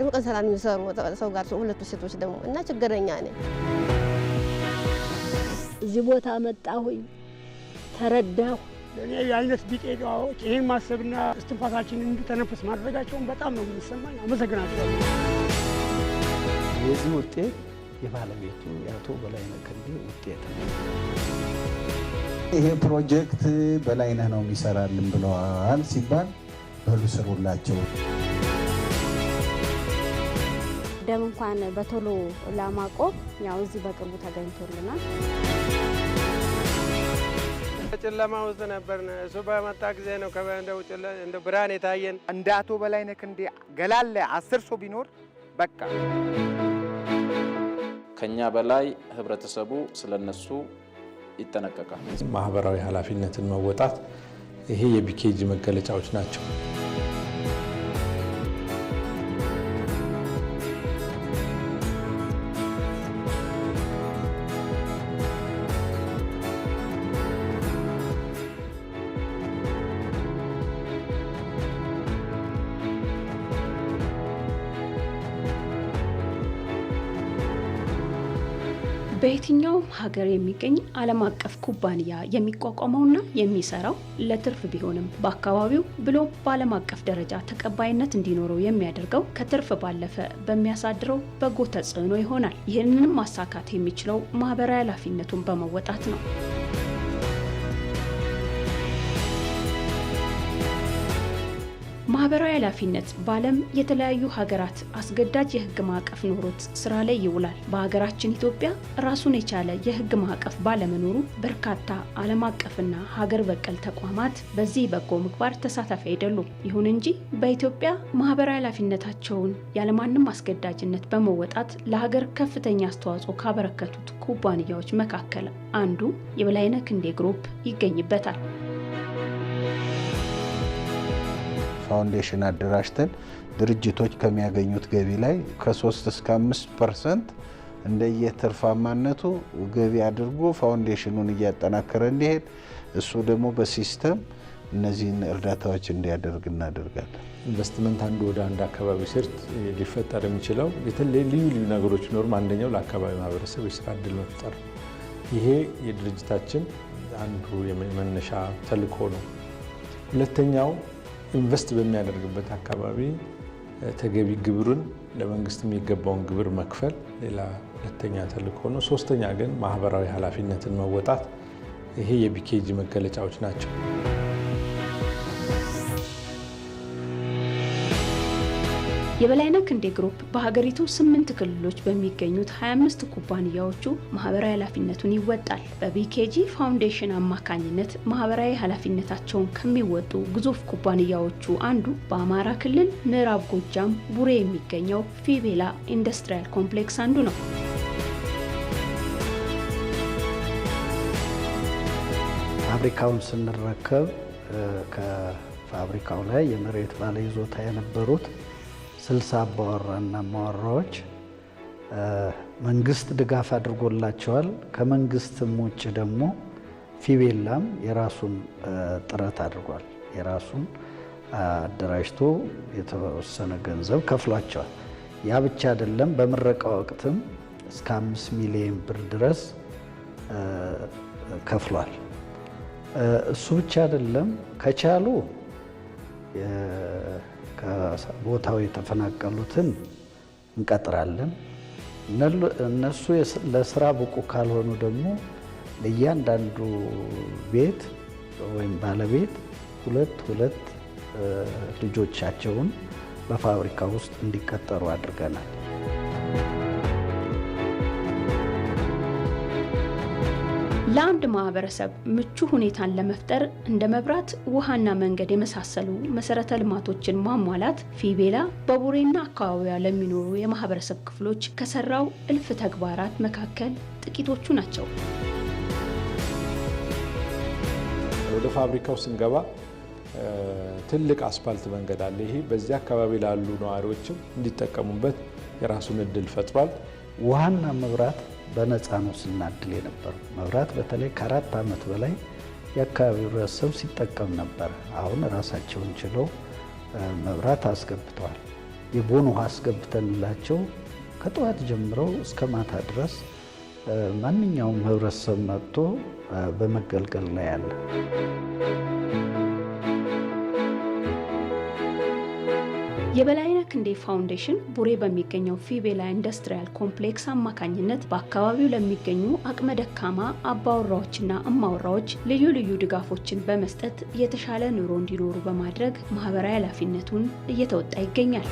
ልጆቻቸው ደግሞ ቀን ሰላም የሚሰሩ ሰው ጋር ሁለቱ ሴቶች ደግሞ እና ችግረኛ ነኝ። እዚህ ቦታ መጣሁኝ፣ ተረዳሁ። እኔ የአይነት ቢጤ ዳዎች ይህን ማሰብና እስትንፋሳችንን እንድተነፍስ ማድረጋቸውን በጣም ነው የሚሰማኝ። አመሰግናቸው። የዚህ ውጤት የባለቤቱ የአቶ በላይነህ ክንዴ ውጤት ነው። ይሄ ፕሮጀክት በላይነህ ነው የሚሰራልን ብለዋል ሲባል በሉ ስሩላቸው። ደም እንኳን በቶሎ ለማቆም ያው እዚህ በቅርቡ ተገኝቶልናል። ጨለማ ውስጥ ነበር። እሱ በመጣ ጊዜ ነው ከእንደው እንደ ብርሃን የታየን። እንደ አቶ በላይነህ ክንዴ ገላለ አስር ሰው ቢኖር በቃ ከኛ በላይ ህብረተሰቡ ስለነሱ ይጠነቀቃል። ማህበራዊ ኃላፊነትን መወጣት ይሄ የቢኬጂ መገለጫዎች ናቸው። በየትኛውም ሀገር የሚገኝ ዓለም አቀፍ ኩባንያ የሚቋቋመውና የሚሰራው ለትርፍ ቢሆንም በአካባቢው ብሎ በዓለም አቀፍ ደረጃ ተቀባይነት እንዲኖረው የሚያደርገው ከትርፍ ባለፈ በሚያሳድረው በጎ ተጽዕኖ ይሆናል። ይህንንም ማሳካት የሚችለው ማህበራዊ ኃላፊነቱን በመወጣት ነው። ማህበራዊ ኃላፊነት በዓለም የተለያዩ ሀገራት አስገዳጅ የህግ ማዕቀፍ ኖሮት ስራ ላይ ይውላል። በሀገራችን ኢትዮጵያ ራሱን የቻለ የህግ ማዕቀፍ ባለመኖሩ በርካታ ዓለም አቀፍና ሀገር በቀል ተቋማት በዚህ በጎ ምግባር ተሳታፊ አይደሉም። ይሁን እንጂ በኢትዮጵያ ማህበራዊ ኃላፊነታቸውን ያለማንም አስገዳጅነት በመወጣት ለሀገር ከፍተኛ አስተዋጽኦ ካበረከቱት ኩባንያዎች መካከል አንዱ የበላይነህ ክንዴ ግሩፕ ይገኝበታል። ፋውንዴሽን አደራጅተን ድርጅቶች ከሚያገኙት ገቢ ላይ ከ3 እስከ 5 ፐርሰንት እንደየትርፋማነቱ ገቢ አድርጎ ፋውንዴሽኑን እያጠናከረ እንዲሄድ እሱ ደግሞ በሲስተም እነዚህን እርዳታዎች እንዲያደርግ እናደርጋለን። ኢንቨስትመንት አንዱ ወደ አንድ አካባቢ ስርት ሊፈጠር የሚችለው የተለያዩ ልዩ ልዩ ነገሮች ቢኖሩም አንደኛው ለአካባቢ ማህበረሰብ የስራ እድል መፍጠር ይሄ የድርጅታችን አንዱ የመነሻ ተልኮ ነው። ሁለተኛው ኢንቨስት በሚያደርግበት አካባቢ ተገቢ ግብሩን ለመንግስት የሚገባውን ግብር መክፈል ሌላ ሁለተኛ ተልእኮ ነው። ሶስተኛ ግን ማህበራዊ ኃላፊነትን መወጣት። ይሄ የቢኬጂ መገለጫዎች ናቸው። የበላይነህ ክንዴ ግሩፕ በሀገሪቱ ስምንት ክልሎች በሚገኙት 25 ኩባንያዎቹ ማህበራዊ ኃላፊነቱን ይወጣል። በቢኬጂ ፋውንዴሽን አማካኝነት ማህበራዊ ኃላፊነታቸውን ከሚወጡ ግዙፍ ኩባንያዎቹ አንዱ በአማራ ክልል ምዕራብ ጎጃም ቡሬ የሚገኘው ፊቤላ ኢንዱስትሪያል ኮምፕሌክስ አንዱ ነው። ፋብሪካውን ስንረከብ ከፋብሪካው ላይ የመሬት ባለይዞታ የነበሩት ስልሳ አባወራና ማወራዎች መንግስት ድጋፍ አድርጎላቸዋል። ከመንግስትም ውጭ ደግሞ ፊቤላም የራሱን ጥረት አድርጓል። የራሱን አደራጅቶ የተወሰነ ገንዘብ ከፍሏቸዋል። ያ ብቻ አይደለም። በምረቃ ወቅትም እስከ አምስት ሚሊዮን ብር ድረስ ከፍሏል። እሱ ብቻ አይደለም። ከቻሉ ከቦታው የተፈናቀሉትን እንቀጥራለን። እነሱ ለስራ ብቁ ካልሆኑ ደግሞ ለእያንዳንዱ ቤት ወይም ባለቤት ሁለት ሁለት ልጆቻቸውን በፋብሪካ ውስጥ እንዲቀጠሩ አድርገናል። ለአንድ ማህበረሰብ ምቹ ሁኔታን ለመፍጠር እንደ መብራት፣ ውሃና መንገድ የመሳሰሉ መሰረተ ልማቶችን ማሟላት ፊቤላ በቡሬና አካባቢዋ ለሚኖሩ የማህበረሰብ ክፍሎች ከሰራው እልፍ ተግባራት መካከል ጥቂቶቹ ናቸው። ወደ ፋብሪካው ስንገባ ትልቅ አስፓልት መንገድ አለ። ይሄ በዚህ አካባቢ ላሉ ነዋሪዎችም እንዲጠቀሙበት የራሱን እድል ፈጥሯል። ውሃና መብራት በነፃ ነው ስናድል የነበረው መብራት በተለይ ከአራት ዓመት በላይ የአካባቢው ህብረተሰብ ሲጠቀም ነበር። አሁን ራሳቸውን ችለው መብራት አስገብተዋል። የቦን ውሃ አስገብተንላቸው ከጠዋት ጀምረው እስከ ማታ ድረስ ማንኛውም ህብረተሰብ መጥቶ በመገልገል ላይ ያለ የበላይነህ ክንዴ ፋውንዴሽን ቡሬ በሚገኘው ፊቤላ ኢንዱስትሪያል ኮምፕሌክስ አማካኝነት በአካባቢው ለሚገኙ አቅመ ደካማ አባወራዎችና እማወራዎች ልዩ ልዩ ድጋፎችን በመስጠት የተሻለ ኑሮ እንዲኖሩ በማድረግ ማህበራዊ ኃላፊነቱን እየተወጣ ይገኛል።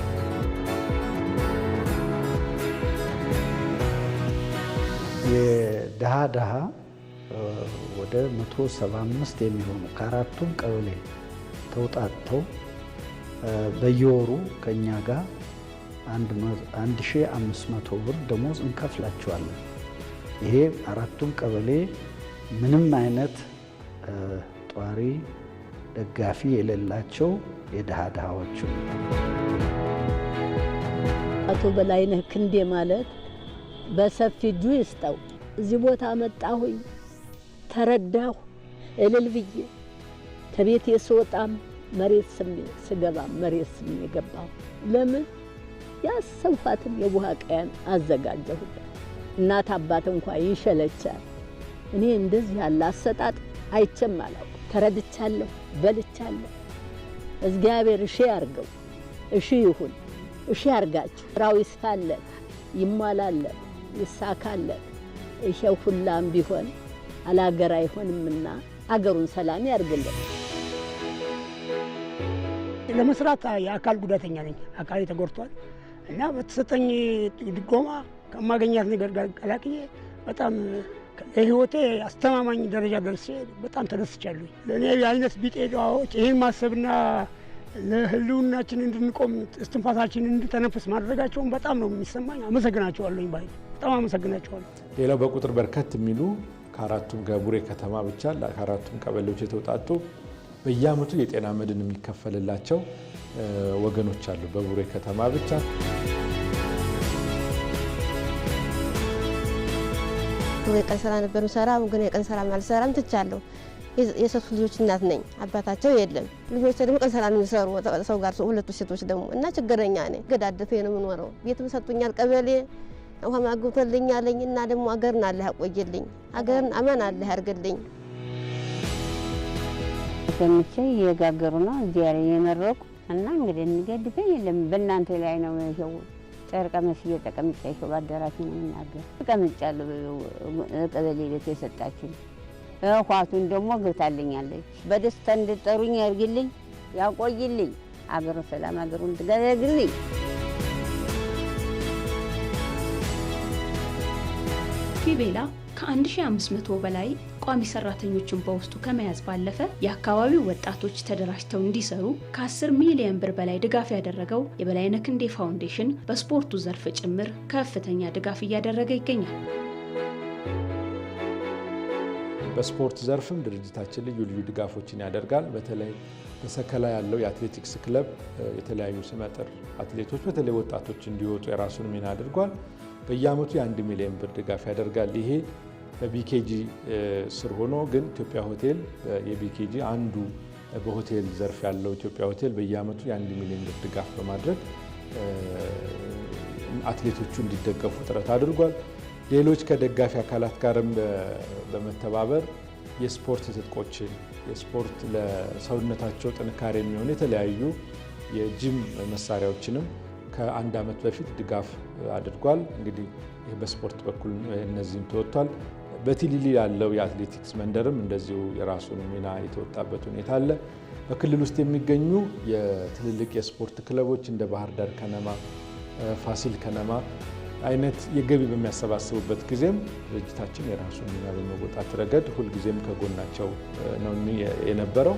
የድሃ ድሃ ወደ 175 የሚሆኑ ከአራቱም ቀበሌ ተውጣጥተው በየወሩ ከእኛ ጋር 1500 ብር ደሞዝ እንከፍላቸዋለን። ይሄ አራቱም ቀበሌ ምንም አይነት ጧሪ ደጋፊ የሌላቸው የድሃ ድሃዎች ። አቶ በላይነህ ክንዴ ማለት በሰፊ እጁ ይስጠው። እዚህ ቦታ መጣሁኝ፣ ተረዳሁ እልል ብዬ ከቤት የስወጣም መሬት ስም ስገባ መሬት ስም የገባው ለምን ያሰብኳትን የቡሃ ቀያን አዘጋጀሁበት። እናት አባት እንኳ ይሸለቻል። እኔ እንደዚህ ያለ አሰጣጥ አይቼም አላውቅም። ተረድቻለሁ፣ በልቻለሁ። እግዚአብሔር እሺ ያርገው፣ እሺ ይሁን፣ እሺ ያርጋችሁ። ስራው ይስፋለት፣ ይሟላለት፣ ይሳካለት። ይሄ ሁላም ቢሆን አላገር አይሆንምና አገሩን ሰላም ያርግለት። ለመስራት የአካል ጉዳተኛ ነኝ። አካል ተጎድቷል እና በተሰጠኝ ድጎማ ከማገኛት ነገር ጋር ቀላቅዬ በጣም ለህይወቴ አስተማማኝ ደረጃ ደርሴ በጣም ተደስቻለሁ። ለእኔ የአይነት ቢጤ ዳዎች ይህን ማሰብና ለህልውናችን እንድንቆም እስትንፋሳችን እንድተነፍስ ማድረጋቸውን በጣም ነው የሚሰማኝ። አመሰግናቸዋለሁ ባይ በጣም አመሰግናቸዋለሁ። ሌላው በቁጥር በርከት የሚሉ ከአራቱም ከቡሬ ከተማ ብቻ ከአራቱም ቀበሌዎች የተውጣጡ በየአመቱ የጤና መድን የሚከፈልላቸው ወገኖች አሉ። በቡሬ ከተማ ብቻ የቀን ስራ ነበር ሰራ፣ ግን የቀን ስራ አልሰራም ትቻለሁ። የሶስት ልጆች እናት ነኝ። አባታቸው የለም። ልጆች ደግሞ ቀን ስራ ነው የሚሰሩ ሰው ጋር ሁለቱ ሴቶች ደግሞ እና ችግረኛ ነኝ። ገዳደፌ ነው የምኖረው። ቤትም ሰጡኛል ቀበሌ ውሃ ማግብቶልኛለኝ እና ደግሞ አገርን አለ ያቆየልኝ አገርን አመን አለ ያርግልኝ ሰምቼ እየጋገሩ ነው እዚያ ላይ የመረቁ እና እንግዲህ እንገድፈኝ የለም በእናንተ ላይ ነው ይኸው ጨርቀ መስዬ ተቀምጬ ይኸው በአዳራችሁ ነው የምናገር ተቀምጫለሁ። ቀበሌ ቤት የሰጣችን እኳቱን ደግሞ ገብታልኛለች። በደስታ እንድጠሩኝ ያርግልኝ፣ ያቆይልኝ፣ አገሩ ሰላም አገሩ ትገለግልኝ። ቲቤላ ከ1500 በላይ ቋሚ ሰራተኞችን በውስጡ ከመያዝ ባለፈ የአካባቢው ወጣቶች ተደራጅተው እንዲሰሩ ከ10 ሚሊዮን ብር በላይ ድጋፍ ያደረገው የበላይነህ ክንዴ ፋውንዴሽን በስፖርቱ ዘርፍ ጭምር ከፍተኛ ድጋፍ እያደረገ ይገኛል። በስፖርት ዘርፍም ድርጅታችን ልዩ ልዩ ድጋፎችን ያደርጋል። በተለይ በሰከላ ያለው የአትሌቲክስ ክለብ የተለያዩ ስመጥር አትሌቶች በተለይ ወጣቶች እንዲወጡ የራሱን ሚና አድርጓል። በየአመቱ የአንድ ሚሊዮን ብር ድጋፍ ያደርጋል። ይሄ በቢኬጂ ስር ሆኖ ግን ኢትዮጵያ ሆቴል የቢኬጂ አንዱ በሆቴል ዘርፍ ያለው ኢትዮጵያ ሆቴል በየአመቱ የአንድ ሚሊዮን ብር ድጋፍ በማድረግ አትሌቶቹ እንዲደገፉ ጥረት አድርጓል። ሌሎች ከደጋፊ አካላት ጋርም በመተባበር የስፖርት ትጥቆችን የስፖርት ለሰውነታቸው ጥንካሬ የሚሆኑ የተለያዩ የጂም መሳሪያዎችንም ከአንድ ዓመት በፊት ድጋፍ አድርጓል። እንግዲህ ይህ በስፖርት በኩል እነዚህም ተወጥቷል። በቲሊሊ ያለው የአትሌቲክስ መንደርም እንደዚሁ የራሱን ሚና የተወጣበት ሁኔታ አለ። በክልል ውስጥ የሚገኙ የትልልቅ የስፖርት ክለቦች እንደ ባህር ዳር ከነማ፣ ፋሲል ከነማ አይነት የገቢ በሚያሰባስቡበት ጊዜም ድርጅታችን የራሱን ሚና በመወጣት ረገድ ሁልጊዜም ከጎናቸው ነው የነበረው።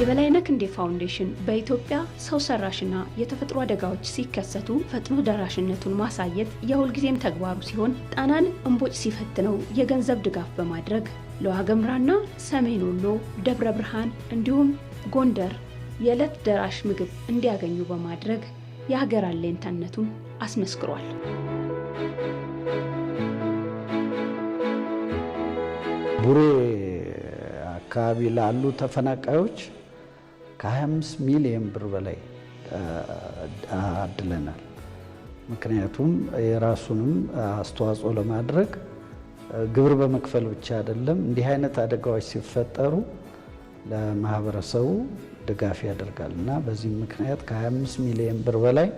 የበላይነህ እንዴ ፋውንዴሽን በኢትዮጵያ ሰው ሰራሽና የተፈጥሮ አደጋዎች ሲከሰቱ ፈጥኖ ደራሽነቱን ማሳየት የሁልጊዜም ተግባሩ ሲሆን ጣናን እምቦጭ ሲፈትነው የገንዘብ ድጋፍ በማድረግ ለዋገምራና ሰሜን ወሎ፣ ደብረ ብርሃን እንዲሁም ጎንደር የዕለት ደራሽ ምግብ እንዲያገኙ በማድረግ የሀገር አለኝታነቱን አስመስክሯል። ቡሬ አካባቢ ላሉ ተፈናቃዮች ከ25 ሚሊዮን ብር በላይ አድለናል። ምክንያቱም የራሱንም አስተዋጽኦ ለማድረግ ግብር በመክፈል ብቻ አይደለም፣ እንዲህ አይነት አደጋዎች ሲፈጠሩ ለማህበረሰቡ ድጋፍ ያደርጋል እና በዚህም ምክንያት ከ25 ሚሊዮን ብር በላይ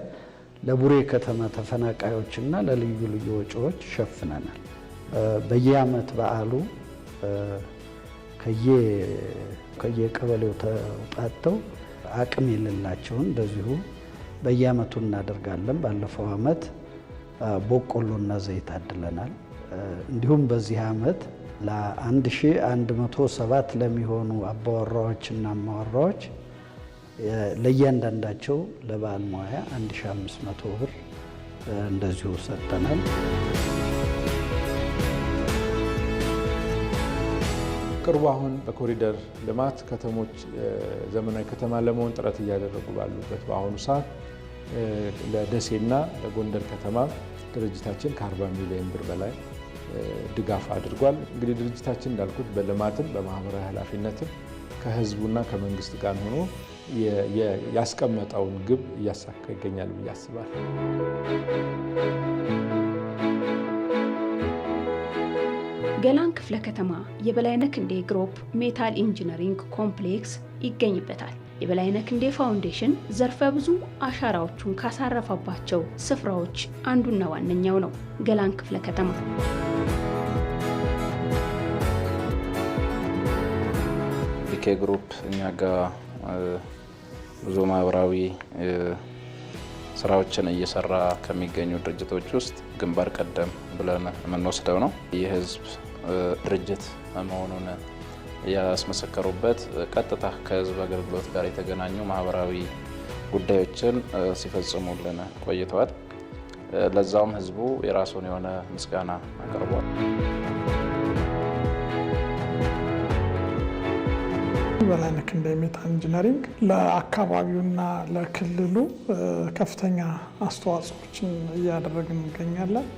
ለቡሬ ከተማ ተፈናቃዮችና ለልዩ ልዩ ወጪዎች ሸፍነናል። በየአመት በዓሉ ከየቀበሌው ተውጣጥተው አቅም የሌላቸውን በዚሁ በየአመቱ እናደርጋለን። ባለፈው አመት በቆሎና ዘይት አድለናል። እንዲሁም በዚህ አመት ለ1107 ለሚሆኑ አባወራዎችና አማወራዎች ለእያንዳንዳቸው ለበዓል ሙያ 1500 ብር እንደዚሁ ሰጠናል። በቅርቡ አሁን በኮሪደር ልማት ከተሞች ዘመናዊ ከተማ ለመሆን ጥረት እያደረጉ ባሉበት በአሁኑ ሰዓት ለደሴና ለጎንደር ከተማ ድርጅታችን ከ40 ሚሊዮን ብር በላይ ድጋፍ አድርጓል። እንግዲህ ድርጅታችን እንዳልኩት በልማትም በማህበራዊ ኃላፊነትም ከህዝቡና ከመንግስት ጋር ሆኖ ያስቀመጠውን ግብ እያሳካ ይገኛል ብዬ አስባለሁ። ገላን ክፍለ ከተማ የበላይነህ ክንዴ ግሩፕ ሜታል ኢንጂነሪንግ ኮምፕሌክስ ይገኝበታል። የበላይነህ ክንዴ ፋውንዴሽን ዘርፈ ብዙ አሻራዎቹን ካሳረፈባቸው ስፍራዎች አንዱና ዋነኛው ነው። ገላን ክፍለ ከተማ ኬ ግሩፕ እኛ ጋ ብዙ ማህበራዊ ስራዎችን እየሰራ ከሚገኙ ድርጅቶች ውስጥ ግንባር ቀደም ብለን የምንወስደው ነው። የህዝብ ድርጅት መሆኑን ያስመሰከሩበት ቀጥታ ከህዝብ አገልግሎት ጋር የተገናኙ ማህበራዊ ጉዳዮችን ሲፈጽሙልን ቆይተዋል። ለዛውም ህዝቡ የራሱን የሆነ ምስጋና አቅርቧል። በላይነህ ክንዴ ሜታ ኢንጂነሪንግ ለአካባቢውና ለክልሉ ከፍተኛ አስተዋጽኦችን እያደረግን እንገኛለን።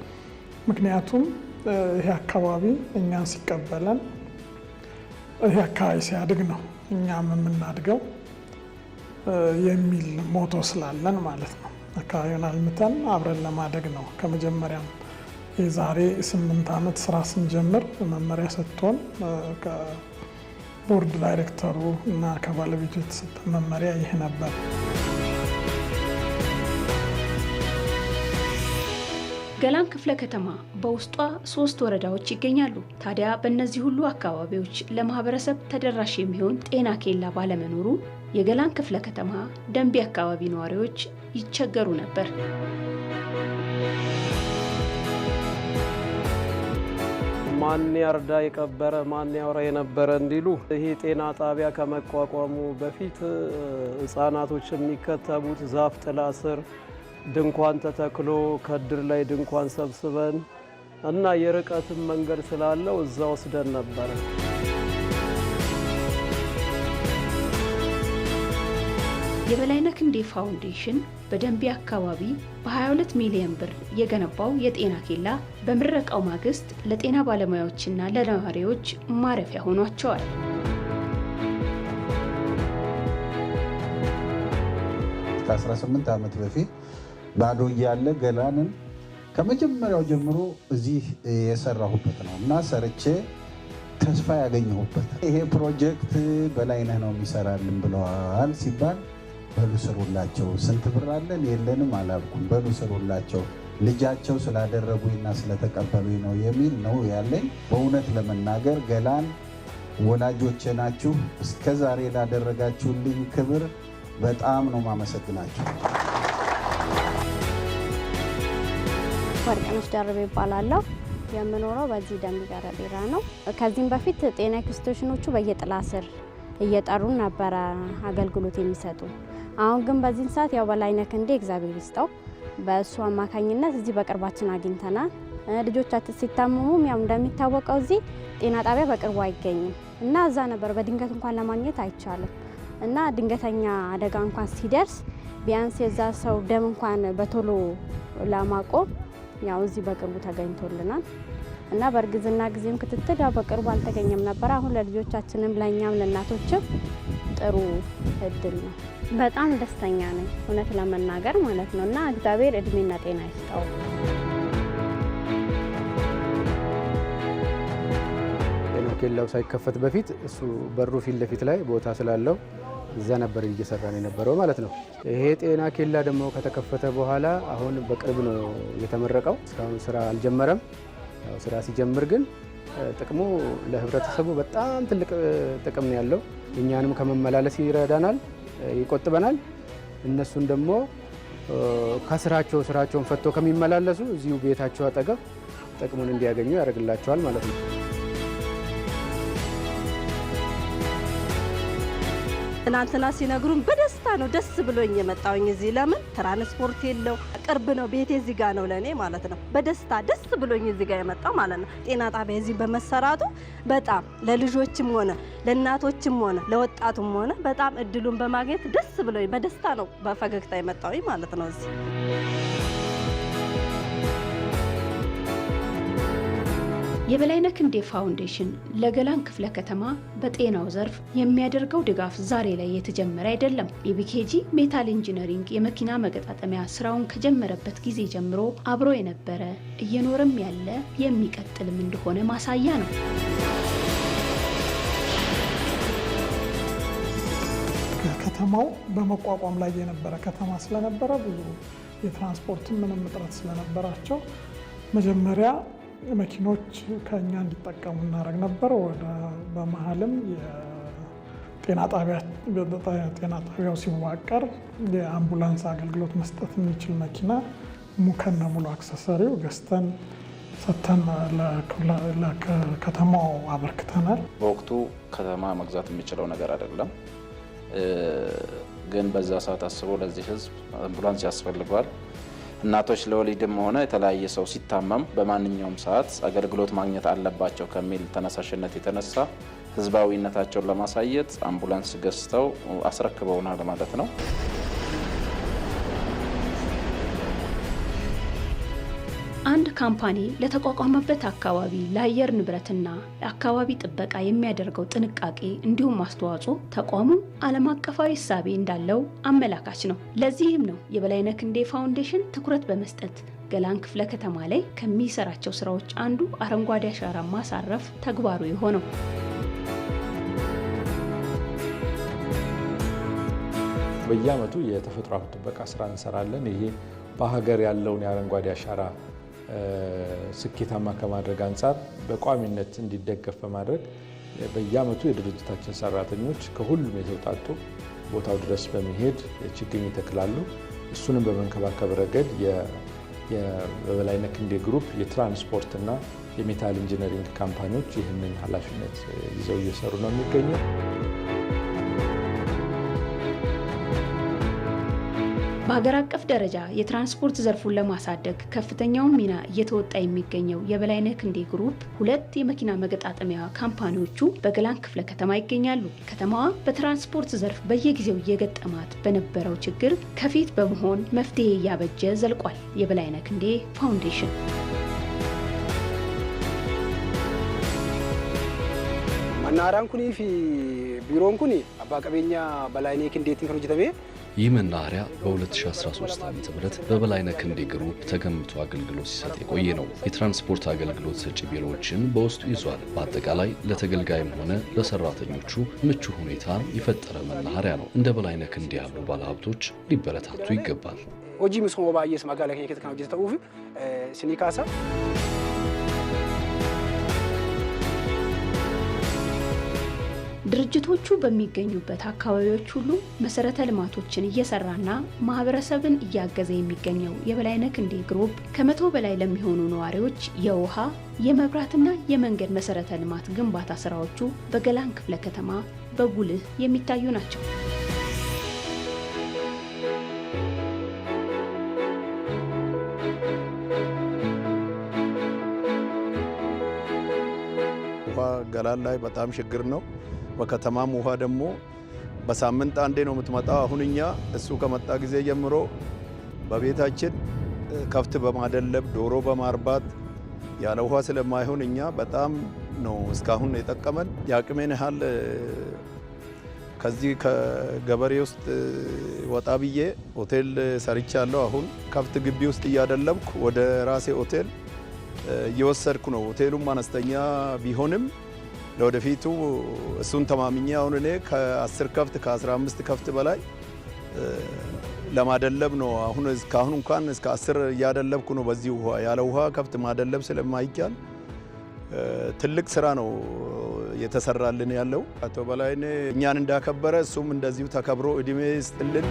ምክንያቱም ይህ አካባቢ እኛን ሲቀበለን ይህ አካባቢ ሲያድግ ነው እኛም የምናድገው የሚል ሞቶ ስላለን ማለት ነው። አካባቢውን አልምተን አብረን ለማደግ ነው። ከመጀመሪያም የዛሬ ስምንት ዓመት ስራ ስንጀምር መመሪያ ሰጥቶን ከቦርድ ዳይሬክተሩ እና ከባለቤቱ የተሰጠ መመሪያ ይህ ነበር። ገላን ክፍለ ከተማ በውስጧ ሶስት ወረዳዎች ይገኛሉ። ታዲያ በእነዚህ ሁሉ አካባቢዎች ለማህበረሰብ ተደራሽ የሚሆን ጤና ኬላ ባለመኖሩ የገላን ክፍለ ከተማ ደንቢ አካባቢ ነዋሪዎች ይቸገሩ ነበር። ማን ያርዳ የቀበረ ማን ያውራ የነበረ እንዲሉ ይሄ ጤና ጣቢያ ከመቋቋሙ በፊት ህጻናቶች የሚከተቡት ዛፍ ጥላ ስር ድንኳን ተተክሎ ከድር ላይ ድንኳን ሰብስበን እና የርቀትን መንገድ ስላለው እዛ ወስደን ነበረ። የበላይነህ ክንዴ ፋውንዴሽን በደንቢ አካባቢ በ22 ሚሊዮን ብር የገነባው የጤና ኬላ በምረቃው ማግስት ለጤና ባለሙያዎችና ለነዋሪዎች ማረፊያ ሆኗቸዋል። ከ18 ዓመት በፊት ባዶ እያለ ገላንን ከመጀመሪያው ጀምሮ እዚህ የሰራሁበት ነው እና ሰርቼ ተስፋ ያገኘሁበት ይሄ ፕሮጀክት በላይነህ ነው የሚሰራልን ብለዋል ሲባል በሉ ስሩላቸው፣ ስንት ብር አለን የለንም አላልኩም። በሉ ስሩላቸው ልጃቸው ስላደረጉኝና ስለተቀበሉኝ ነው የሚል ነው ያለኝ። በእውነት ለመናገር ገላን ወላጆቼ ናችሁ። እስከዛሬ ላደረጋችሁልኝ ክብር በጣም ነው ማመሰግናችሁ። ወርቅነሽ ደርብ ይባላለሁ። የምኖረው በዚህ ደምቢዶሎ ቢራ ነው። ከዚህም በፊት ጤና ኤክስቴንሽኖቹ በየጥላ ስር እየጠሩን ነበረ አገልግሎት የሚሰጡ። አሁን ግን በዚህን ሰዓት ያው በላይነህ ክንዴ እግዚአብሔር ይስጠው በእሱ አማካኝነት እዚህ በቅርባችን አግኝተናል። ልጆቻችን ሲታመሙም ያው እንደሚታወቀው እዚህ ጤና ጣቢያ በቅርቡ አይገኝም እና እዛ ነበር በድንገት እንኳን ለማግኘት አይቻልም እና ድንገተኛ አደጋ እንኳን ሲደርስ ቢያንስ የዛ ሰው ደም እንኳን በቶሎ ለማቆም ያው እዚህ በቅርቡ ተገኝቶልናል እና በእርግዝና ጊዜም ክትትል ያው በቅርቡ አልተገኘም ነበር። አሁን ለልጆቻችንም ለእኛም ለእናቶችም ጥሩ እድል ነው። በጣም ደስተኛ ነኝ እውነት ለመናገር ማለት ነው እና እግዚአብሔር እድሜና ጤና ይስጠው። ኬላው ሳይከፈት በፊት እሱ በሩ ፊት ለፊት ላይ ቦታ ስላለው እዛ ነበር እየሰራ ነው የነበረው ማለት ነው። ይሄ ጤና ኬላ ደግሞ ከተከፈተ በኋላ አሁን በቅርብ ነው የተመረቀው። እስካሁን ስራ አልጀመረም። ስራ ሲጀምር ግን ጥቅሙ ለህብረተሰቡ በጣም ትልቅ ጥቅም ነው ያለው። እኛንም ከመመላለስ ይረዳናል፣ ይቆጥበናል። እነሱን ደግሞ ከስራቸው ስራቸውን ፈቶ ከሚመላለሱ እዚሁ ቤታቸው አጠገብ ጥቅሙን እንዲያገኙ ያደርግላቸዋል ማለት ነው። ትናንትና ሲነግሩን በደስታ ነው ደስ ብሎኝ የመጣውኝ። እዚህ ለምን ትራንስፖርት የለው ቅርብ ነው ቤቴ እዚህ ጋር ነው ለእኔ ማለት ነው። በደስታ ደስ ብሎኝ እዚህ ጋር የመጣው ማለት ነው። ጤና ጣቢያ እዚህ በመሰራቱ በጣም ለልጆችም ሆነ ለእናቶችም ሆነ ለወጣቱም ሆነ በጣም እድሉን በማግኘት ደስ ብሎኝ በደስታ ነው በፈገግታ የመጣውኝ ማለት ነው እዚህ የበላይነህ ክንዴ ፋውንዴሽን ለገላን ክፍለ ከተማ በጤናው ዘርፍ የሚያደርገው ድጋፍ ዛሬ ላይ የተጀመረ አይደለም። የቢኬጂ ሜታል ኢንጂነሪንግ የመኪና መገጣጠሚያ ስራውን ከጀመረበት ጊዜ ጀምሮ አብሮ የነበረ እየኖረም ያለ የሚቀጥልም እንደሆነ ማሳያ ነው። ከተማው በመቋቋም ላይ የነበረ ከተማ ስለነበረ ብዙ የትራንስፖርት ምንም እጥረት ስለነበራቸው መጀመሪያ መኪኖች ከኛ እንዲጠቀሙ እናደርግ ነበር። ወደ በመሀልም ጤና ጣቢያው ሲዋቀር የአምቡላንስ አገልግሎት መስጠት የሚችል መኪና ሙከነ ሙሉ አክሰሰሪው ገዝተን ሰተን ለከተማው አበርክተናል። በወቅቱ ከተማ መግዛት የሚችለው ነገር አይደለም፣ ግን በዛ ሰዓት አስቦ ለዚህ ህዝብ አምቡላንስ ያስፈልገዋል እናቶች ለወሊድም ሆነ የተለያየ ሰው ሲታመም በማንኛውም ሰዓት አገልግሎት ማግኘት አለባቸው ከሚል ተነሳሽነት የተነሳ ህዝባዊነታቸውን ለማሳየት አምቡላንስ ገዝተው አስረክበውናል ማለት ነው። አንድ ካምፓኒ ለተቋቋመበት አካባቢ ለአየር ንብረትና ለአካባቢ ጥበቃ የሚያደርገው ጥንቃቄ እንዲሁም አስተዋጽኦ ተቋሙ ዓለም አቀፋዊ እሳቤ እንዳለው አመላካች ነው። ለዚህም ነው የበላይነህ ክንዴ ፋውንዴሽን ትኩረት በመስጠት ገላን ክፍለ ከተማ ላይ ከሚሰራቸው ስራዎች አንዱ አረንጓዴ አሻራ ማሳረፍ ተግባሩ የሆነው። በየዓመቱ የተፈጥሮ ሀብት ጥበቃ ስራ እንሰራለን። ይሄ በሀገር ያለውን የአረንጓዴ አሻራ ስኬታማ ከማድረግ አንጻር በቋሚነት እንዲደገፍ በማድረግ በየዓመቱ የድርጅታችን ሰራተኞች ከሁሉም የተውጣጡ ቦታው ድረስ በመሄድ ችግኝ ይተክላሉ። እሱንም በመንከባከብ ረገድ የበላይነህ ክንዴ ግሩፕ የትራንስፖርትና የሜታል ኢንጂነሪንግ ካምፓኒዎች ይህንን ኃላፊነት ይዘው እየሰሩ ነው የሚገኘው። በሀገር አቀፍ ደረጃ የትራንስፖርት ዘርፉን ለማሳደግ ከፍተኛውን ሚና እየተወጣ የሚገኘው የበላይነህ ክንዴ ግሩፕ ሁለት የመኪና መገጣጠሚያ ካምፓኒዎቹ በገላን ክፍለ ከተማ ይገኛሉ። ከተማዋ በትራንስፖርት ዘርፍ በየጊዜው እየገጠማት በነበረው ችግር ከፊት በመሆን መፍትሄ እያበጀ ዘልቋል። የበላይነህ ክንዴ ፋውንዴሽን መናራን ኩኒ ፊ ቢሮን ኩኒ አባ ቀቤኛ በላይነህ ከን ይህ መናኸሪያ በ2013 ዓ ም በበላይነህ ክንዴ ግሩፕ ተገንብቶ አገልግሎት ሲሰጥ የቆየ ነው። የትራንስፖርት አገልግሎት ሰጪ ቢሮዎችን በውስጡ ይዟል። በአጠቃላይ ለተገልጋይም ሆነ ለሰራተኞቹ ምቹ ሁኔታ የፈጠረ መናኸሪያ ነው። እንደ በላይነ ክንዴ ያሉ ባለሀብቶች ሊበረታቱ ይገባል። ሆጂ ምስ ባየስ ማጋላ ኬከት ድርጅቶቹ በሚገኙበት አካባቢዎች ሁሉ መሰረተ ልማቶችን እየሰራና ማህበረሰብን እያገዘ የሚገኘው የበላይነህ ክንዴ ግሩፕ ከመቶ በላይ ለሚሆኑ ነዋሪዎች የውሃ የመብራትና የመንገድ መሰረተ ልማት ግንባታ ስራዎቹ በገላን ክፍለ ከተማ በጉልህ የሚታዩ ናቸው። ገላን ላይ በጣም ችግር ነው። በከተማም ውሃ ደግሞ በሳምንት አንዴ ነው የምትመጣው። አሁን እኛ እሱ ከመጣ ጊዜ ጀምሮ በቤታችን ከብት በማደለብ ዶሮ በማርባት ያለ ውሃ ስለማይሆን እኛ በጣም ነው እስካሁን የጠቀመን። የአቅሜን ያህል ከዚህ ከገበሬ ውስጥ ወጣ ብዬ ሆቴል ሰርቻለሁ። አሁን ከብት ግቢ ውስጥ እያደለብኩ ወደ ራሴ ሆቴል እየወሰድኩ ነው። ሆቴሉም አነስተኛ ቢሆንም ለወደፊቱ እሱን ተማምኜ አሁን እኔ ከ10 ከፍት ከ15 ከፍት በላይ ለማደለብ ነው። አሁን እስካሁን እንኳን እስከ 10 ያደለብኩ ነው። በዚህ ውሃ ያለ ውሃ ከፍት ማደለብ ስለማይቻል ትልቅ ስራ ነው የተሰራልን ያለው። አቶ በላይኔ እኛን እንዳከበረ እሱም እንደዚሁ ተከብሮ እድሜ ይስጥልን።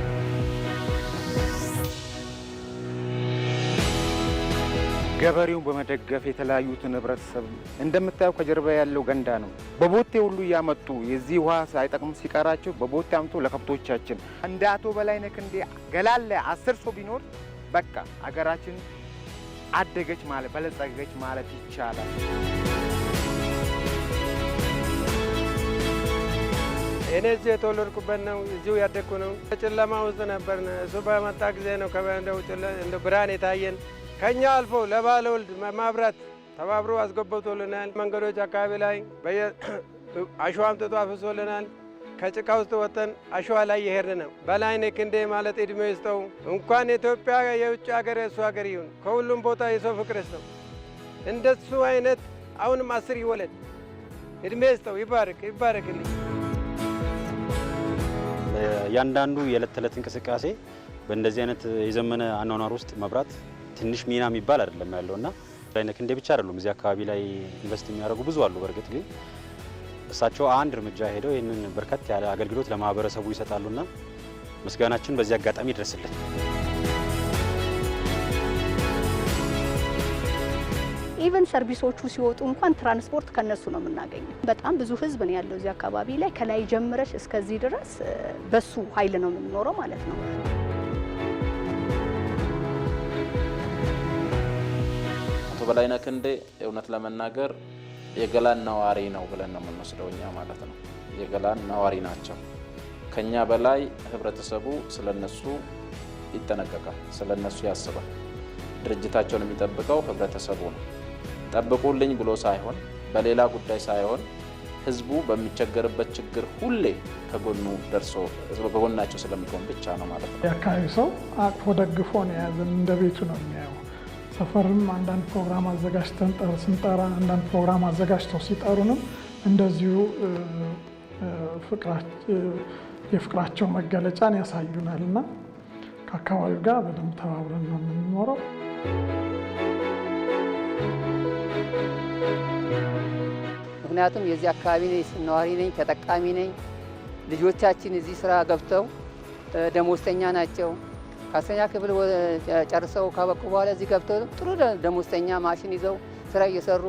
ገበሬውን በመደገፍ የተለያዩትን ህብረተሰብ እንደምታየው ከጀርባ ያለው ገንዳ ነው። በቦቴ ሁሉ እያመጡ የዚህ ውሃ ሳይጠቅም ሲቀራቸው በቦቴ አምቶ ለከብቶቻችን እንደ አቶ በላይነህ እንደ ገላለ አስር ሰው ቢኖር በቃ አገራችን አደገች ማለት በለጸገች ማለት ይቻላል። እኔ እዚህ የተወለድኩበት ነው። እዚሁ ያደግኩ ነው። ጨለማ ውስጥ ነበር። እሱ በመጣ ጊዜ ነው ከእንደ ብርሃን የታየን። ከኛ አልፎ ለባለወልድ ማብራት ተባብሮ አስገበቶልናል። መንገዶች አካባቢ ላይ አሸዋ አምጥቶ አፍሶልናል። ከጭቃ ውስጥ ወጥተን አሸዋ ላይ የሄድን ነው። በላይነህ ክንዴ ማለት እድሜ ይስጠው። እንኳን የኢትዮጵያ የውጭ ሀገር የእሱ ሀገር ይሁን። ከሁሉም ቦታ የሰው ፍቅር ይስጠው። እንደሱ አይነት አሁንም አስር ይወለድ፣ እድሜ ይስጠው፣ ይባርክ፣ ይባርክልኝ። እያንዳንዱ የዕለት ተዕለት እንቅስቃሴ በእንደዚህ አይነት የዘመነ አኗኗር ውስጥ መብራት ትንሽ ሚና የሚባል አይደለም ያለው እና አይነት እንደ ብቻ አይደሉም። እዚህ አካባቢ ላይ ኢንቨስት የሚያደርጉ ብዙ አሉ። በእርግጥ ግን እሳቸው አንድ እርምጃ ሄደው ይህንን በርከት ያለ አገልግሎት ለማህበረሰቡ ይሰጣሉና ምስጋናችን በዚህ አጋጣሚ ይድረስልን። ኢቨን ሰርቪሶቹ ሲወጡ እንኳን ትራንስፖርት ከነሱ ነው የምናገኘው። በጣም ብዙ ህዝብ ነው ያለው እዚህ አካባቢ ላይ ከላይ ጀምረሽ እስከዚህ ድረስ በሱ ኃይል ነው የምንኖረው ማለት ነው። በላይነህ ክንዴ እውነት ለመናገር የገላን ነዋሪ ነው ብለን ነው የምንወስደው እኛ ማለት ነው። የገላን ነዋሪ ናቸው። ከኛ በላይ ህብረተሰቡ ስለነሱ ይጠነቀቃል፣ ስለነሱ ያስባል። ድርጅታቸውን የሚጠብቀው ህብረተሰቡ ነው። ጠብቁልኝ ብሎ ሳይሆን በሌላ ጉዳይ ሳይሆን ህዝቡ በሚቸገርበት ችግር ሁሌ ከጎኑ ደርሶ በጎናቸው ስለሚቆም ብቻ ነው ማለት ነው። የአካባቢ ሰው አቅፎ ደግፎ ነው የያዘን እንደ ቤቱ ነው የሚያየው። ሰፈርም አንዳንድ ፕሮግራም አዘጋጅተን ስንጠራ አንዳንድ ፕሮግራም አዘጋጅተው ሲጠሩንም እንደዚሁ የፍቅራቸው መገለጫን ያሳዩናል እና ከአካባቢው ጋር በደንብ ተባብረን ነው የምንኖረው። ምክንያቱም የዚህ አካባቢ ነዋሪ ነኝ፣ ተጠቃሚ ነኝ። ልጆቻችን እዚህ ስራ ገብተው ደሞዝተኛ ናቸው። ከአስረኛ ክፍል ጨርሰው ከበቁ በኋላ እዚህ ገብተው ጥሩ ደሞዝተኛ ማሽን ይዘው ስራ እየሰሩ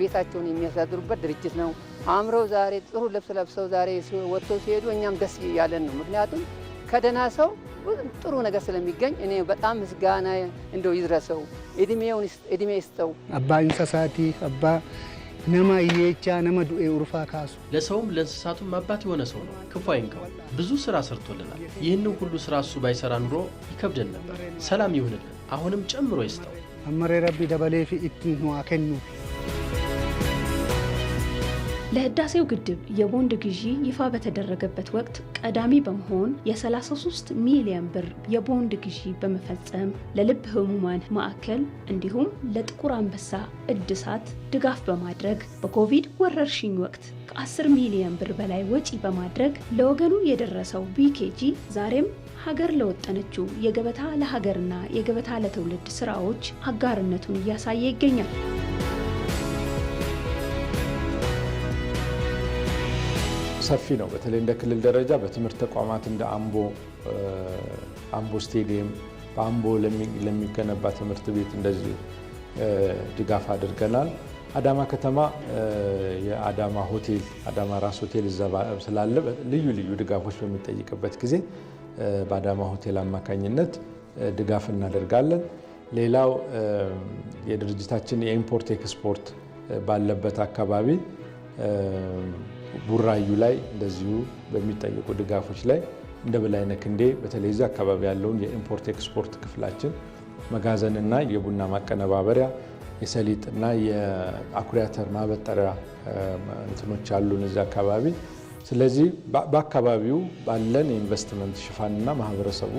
ቤታቸውን የሚያሳድሩበት ድርጅት ነው። አምረው ዛሬ ጥሩ ልብስ ለብሰው ዛሬ ወጥተው ሲሄዱ እኛም ደስ እያለን ነው። ምክንያቱም ከደህና ሰው ጥሩ ነገር ስለሚገኝ እኔ በጣም ምስጋና እንደው ይድረሰው፣ እድሜውን እድሜ ይስጠው። አባ ኢንሰሳቲ አባ ነማ ይየቻ ነማ ዱኤ ኡርፋ ካሱ ለሰውም ለእንስሳቱም አባት የሆነ ሰው ነው። ክፉ አይንካው። ብዙ ስራ ሰርቶልናል። ይህንን ሁሉ ስራ እሱ ባይሰራ ኑሮ ይከብደን ነበር። ሰላም ይሁንልን፣ አሁንም ጨምሮ ይስጠው። አመሬ ረቢ ደበሌፊ ኢትን ነዋ ለህዳሴው ግድብ የቦንድ ግዢ ይፋ በተደረገበት ወቅት ቀዳሚ በመሆን የ33 ሚሊዮን ብር የቦንድ ግዢ በመፈጸም ለልብ ህሙማን ማዕከል እንዲሁም ለጥቁር አንበሳ እድሳት ድጋፍ በማድረግ በኮቪድ ወረርሽኝ ወቅት ከ10 ሚሊዮን ብር በላይ ወጪ በማድረግ ለወገኑ የደረሰው ቢኬጂ ዛሬም ሀገር ለወጠነችው የገበታ ለሀገርና የገበታ ለትውልድ ስራዎች አጋርነቱን እያሳየ ይገኛል። ሰፊ ነው። በተለይ እንደ ክልል ደረጃ በትምህርት ተቋማት እንደ አምቦ አምቦ ስቴዲየም በአምቦ ለሚገነባ ትምህርት ቤት እንደዚህ ድጋፍ አድርገናል። አዳማ ከተማ የአዳማ ሆቴል አዳማ ራስ ሆቴል እዛ ስላለ ልዩ ልዩ ድጋፎች በሚጠይቅበት ጊዜ በአዳማ ሆቴል አማካኝነት ድጋፍ እናደርጋለን። ሌላው የድርጅታችን የኢምፖርት ኤክስፖርት ባለበት አካባቢ ቡራዩ ላይ እንደዚሁ በሚጠየቁ ድጋፎች ላይ እንደ በላይነ ክንዴ በተለይ እዚህ አካባቢ ያለውን የኢምፖርት ኤክስፖርት ክፍላችን መጋዘንና የቡና ማቀነባበሪያ የሰሊጥና የአኩሪ አተር ማበጠሪያ እንትኖች አሉን እዚህ አካባቢ። ስለዚህ በአካባቢው ባለን የኢንቨስትመንት ሽፋንና ማህበረሰቡ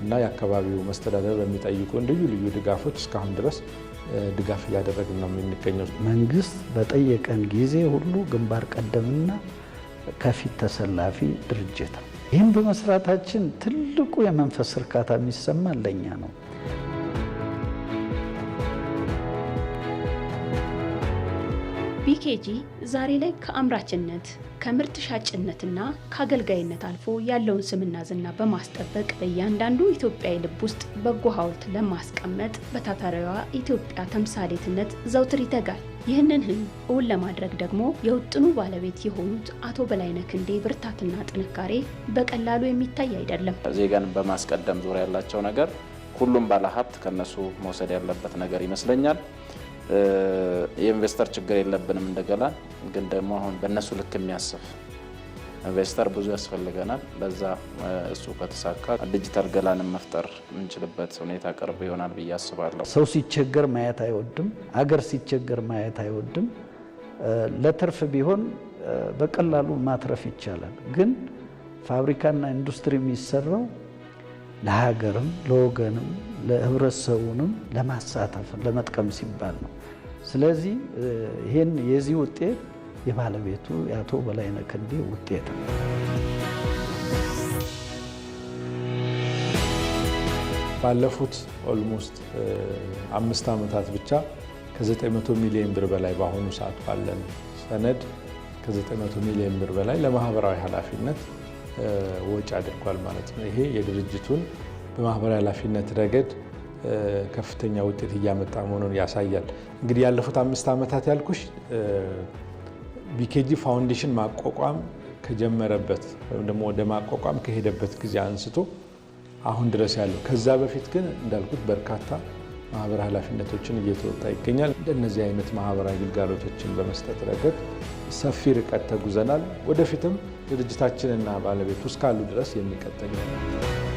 እና የአካባቢው መስተዳደር በሚጠይቁ ልዩ ልዩ ድጋፎች እስካሁን ድረስ ድጋፍ እያደረግን ነው የምንገኘው። መንግስት በጠየቀን ጊዜ ሁሉ ግንባር ቀደምና ከፊት ተሰላፊ ድርጅት ነው። ይህም በመስራታችን ትልቁ የመንፈስ እርካታ የሚሰማ ለእኛ ነው። ቢኬጂ ዛሬ ላይ ከአምራችነት ከምርት ሻጭነትና ከአገልጋይነት አልፎ ያለውን ስምና ዝና በማስጠበቅ በእያንዳንዱ ኢትዮጵያዊ ልብ ውስጥ በጎ ሐውልት ለማስቀመጥ በታታሪዋ ኢትዮጵያ ተምሳሌትነት ዘውትር ይተጋል። ይህንን ህልም እውን ለማድረግ ደግሞ የውጥኑ ባለቤት የሆኑት አቶ በላይነ ክንዴ ብርታትና ጥንካሬ በቀላሉ የሚታይ አይደለም። ዜጋን በማስቀደም ዙሪያ ያላቸው ነገር ሁሉም ባለሀብት ከነሱ መውሰድ ያለበት ነገር ይመስለኛል። የኢንቨስተር ችግር የለብንም። እንደገና ግን ደግሞ አሁን በእነሱ ልክ የሚያስብ ኢንቨስተር ብዙ ያስፈልገናል። በዛ እሱ ከተሳካ ዲጂታል ገላንም መፍጠር የምንችልበት ሁኔታ ቅርብ ይሆናል ብዬ አስባለሁ። ሰው ሲቸገር ማየት አይወድም። አገር ሲቸገር ማየት አይወድም። ለትርፍ ቢሆን በቀላሉ ማትረፍ ይቻላል። ግን ፋብሪካና ኢንዱስትሪ የሚሰራው ለሀገርም ለወገንም ለህብረተሰቡንም ለማሳተፍ ለመጥቀም ሲባል ነው። ስለዚህ ይህን የዚህ ውጤት የባለቤቱ የአቶ በላይነህ ክንዴ ውጤት ነው። ባለፉት ኦልሞስት አምስት ዓመታት ብቻ ከ900 ሚሊዮን ብር በላይ በአሁኑ ሰዓት ባለን ሰነድ ከ900 ሚሊዮን ብር በላይ ለማህበራዊ ኃላፊነት ወጪ አድርጓል ማለት ነው። ይሄ የድርጅቱን በማህበራዊ ኃላፊነት ረገድ ከፍተኛ ውጤት እያመጣ መሆኑን ያሳያል። እንግዲህ ያለፉት አምስት ዓመታት ያልኩሽ ቢኬጂ ፋውንዴሽን ማቋቋም ከጀመረበት ወይም ደግሞ ወደ ማቋቋም ከሄደበት ጊዜ አንስቶ አሁን ድረስ ያለው ከዛ በፊት ግን እንዳልኩት በርካታ ማህበር ኃላፊነቶችን እየተወጣ ይገኛል። እንደነዚህ አይነት ማህበራዊ ግልጋሎቶችን በመስጠት ረገድ ሰፊ ርቀት ተጉዘናል። ወደፊትም ድርጅታችንና ባለቤቱ እስካሉ ድረስ የሚቀጥል